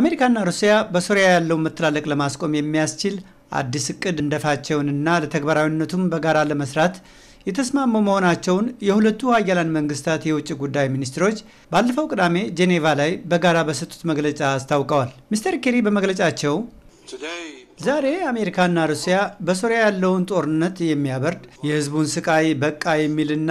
አሜሪካና ሩሲያ በሶሪያ ያለው መተላለቅ ለማስቆም የሚያስችል አዲስ እቅድ እንደፋቸውንና ለተግባራዊነቱም በጋራ ለመስራት የተስማሙ መሆናቸውን የሁለቱ ሀያላን መንግስታት የውጭ ጉዳይ ሚኒስትሮች ባለፈው ቅዳሜ ጄኔቫ ላይ በጋራ በሰጡት መግለጫ አስታውቀዋል። ሚስተር ኬሪ በመግለጫቸው ዛሬ አሜሪካና ሩሲያ በሶሪያ ያለውን ጦርነት የሚያበርድ የህዝቡን ስቃይ በቃ የሚልና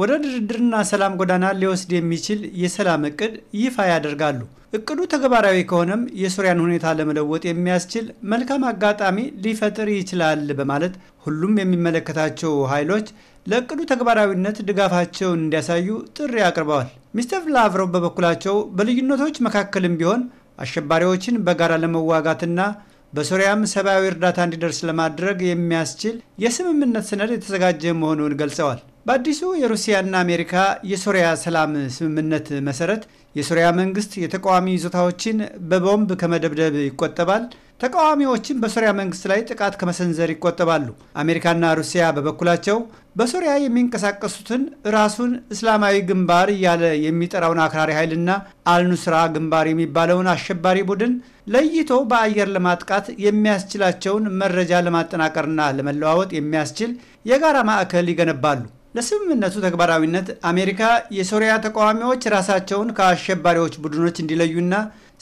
ወደ ድርድርና ሰላም ጎዳና ሊወስድ የሚችል የሰላም እቅድ ይፋ ያደርጋሉ። እቅዱ ተግባራዊ ከሆነም የሱሪያን ሁኔታ ለመለወጥ የሚያስችል መልካም አጋጣሚ ሊፈጥር ይችላል በማለት ሁሉም የሚመለከታቸው ኃይሎች ለእቅዱ ተግባራዊነት ድጋፋቸውን እንዲያሳዩ ጥሪ አቅርበዋል። ሚስተር ላቭሮቭ በበኩላቸው በልዩነቶች መካከልም ቢሆን አሸባሪዎችን በጋራ ለመዋጋትና በሱሪያም ሰብአዊ እርዳታ እንዲደርስ ለማድረግ የሚያስችል የስምምነት ሰነድ የተዘጋጀ መሆኑን ገልጸዋል። በአዲሱ የሩሲያና አሜሪካ የሶሪያ ሰላም ስምምነት መሰረት የሶሪያ መንግስት የተቃዋሚ ይዞታዎችን በቦምብ ከመደብደብ ይቆጠባል፣ ተቃዋሚዎችን በሶሪያ መንግስት ላይ ጥቃት ከመሰንዘር ይቆጠባሉ። አሜሪካና ሩሲያ በበኩላቸው በሶሪያ የሚንቀሳቀሱትን ራሱን እስላማዊ ግንባር እያለ የሚጠራውን አክራሪ ኃይልና አልኑስራ ግንባር የሚባለውን አሸባሪ ቡድን ለይቶ በአየር ለማጥቃት የሚያስችላቸውን መረጃ ለማጠናቀርና ለመለዋወጥ የሚያስችል የጋራ ማዕከል ይገነባሉ። ለስምምነቱ ተግባራዊነት አሜሪካ የሶሪያ ተቃዋሚዎች ራሳቸውን ከአሸባሪዎች ቡድኖች እንዲለዩና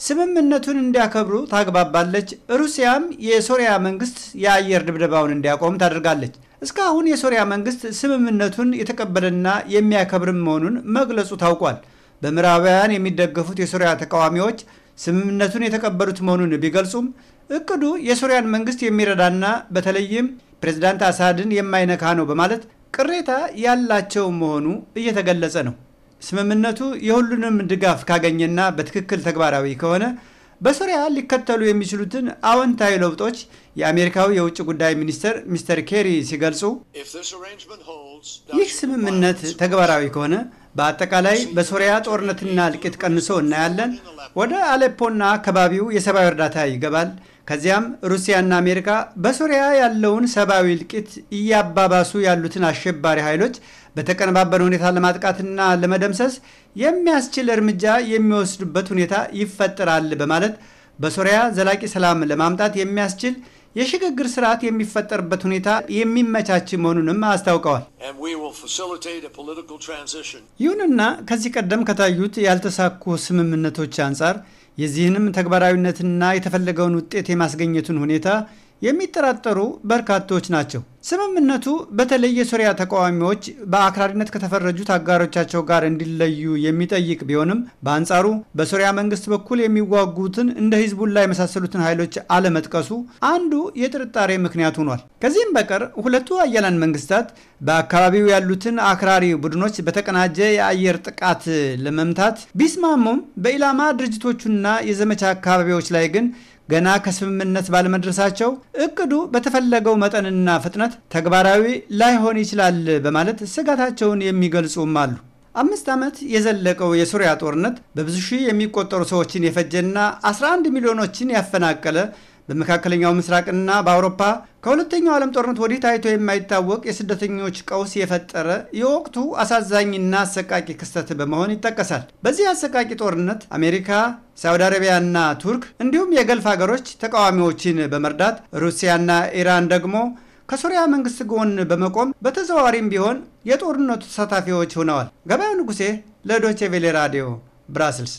ስምምነቱን እንዲያከብሩ ታግባባለች። ሩሲያም የሶሪያ መንግስት የአየር ድብደባውን እንዲያቆም ታደርጋለች። እስካሁን የሶሪያ መንግስት ስምምነቱን የተቀበለና የሚያከብርም መሆኑን መግለጹ ታውቋል። በምዕራባውያን የሚደገፉት የሶሪያ ተቃዋሚዎች ስምምነቱን የተቀበሉት መሆኑን ቢገልጹም እቅዱ የሶሪያን መንግስት የሚረዳና በተለይም ፕሬዚዳንት አሳድን የማይነካ ነው በማለት ቅሬታ ያላቸው መሆኑ እየተገለጸ ነው። ስምምነቱ የሁሉንም ድጋፍ ካገኘና በትክክል ተግባራዊ ከሆነ በሱሪያ ሊከተሉ የሚችሉትን አዎንታዊ ለውጦች የአሜሪካው የውጭ ጉዳይ ሚኒስትር ሚስተር ኬሪ ሲገልጹ ይህ ስምምነት ተግባራዊ ከሆነ በአጠቃላይ በሶሪያ ጦርነትና እልቂት ቀንሶ እናያለን። ወደ አሌፖና አካባቢው የሰብአዊ እርዳታ ይገባል። ከዚያም ሩሲያና አሜሪካ በሱሪያ ያለውን ሰብአዊ እልቂት እያባባሱ ያሉትን አሸባሪ ኃይሎች በተቀነባበረ ሁኔታ ለማጥቃትና ለመደምሰስ የሚያስችል እርምጃ የሚወስዱበት ሁኔታ ይፈጠራል በማለት በሱሪያ ዘላቂ ሰላም ለማምጣት የሚያስችል የሽግግር ስርዓት የሚፈጠርበት ሁኔታ የሚመቻች መሆኑንም አስታውቀዋል። ይሁንና ከዚህ ቀደም ከታዩት ያልተሳኩ ስምምነቶች አንጻር የዚህንም ተግባራዊነትና የተፈለገውን ውጤት የማስገኘቱን ሁኔታ የሚጠራጠሩ በርካቶች ናቸው። ስምምነቱ በተለይ የሶሪያ ተቃዋሚዎች በአክራሪነት ከተፈረጁት አጋሮቻቸው ጋር እንዲለዩ የሚጠይቅ ቢሆንም በአንጻሩ በሶሪያ መንግስት በኩል የሚዋጉትን እንደ ሂዝቡላ የመሳሰሉትን ኃይሎች አለመጥቀሱ አንዱ የጥርጣሬ ምክንያት ሆኗል። ከዚህም በቀር ሁለቱ አያላን መንግስታት በአካባቢው ያሉትን አክራሪ ቡድኖች በተቀናጀ የአየር ጥቃት ለመምታት ቢስማሙም በኢላማ ድርጅቶቹና የዘመቻ አካባቢዎች ላይ ግን ገና ከስምምነት ባለመድረሳቸው እቅዱ በተፈለገው መጠንና ፍጥነት ተግባራዊ ላይሆን ይችላል በማለት ስጋታቸውን የሚገልጹም አሉ። አምስት ዓመት የዘለቀው የሱሪያ ጦርነት በብዙ ሺህ የሚቆጠሩ ሰዎችን የፈጀና 11 ሚሊዮኖችን ያፈናቀለ በመካከለኛው ምስራቅና በአውሮፓ ከሁለተኛው ዓለም ጦርነት ወዲህ ታይቶ የማይታወቅ የስደተኞች ቀውስ የፈጠረ የወቅቱ አሳዛኝና አሰቃቂ ክስተት በመሆን ይጠቀሳል። በዚህ አሰቃቂ ጦርነት አሜሪካ፣ ሳውዲ አረቢያና ቱርክ እንዲሁም የገልፍ ሀገሮች ተቃዋሚዎችን በመርዳት ሩሲያና ኢራን ደግሞ ከሱሪያ መንግስት ጎን በመቆም በተዘዋዋሪም ቢሆን የጦርነቱ ተሳታፊዎች ሆነዋል። ገበያው ንጉሴ ለዶቼ ቬሌ ራዲዮ ብራስልስ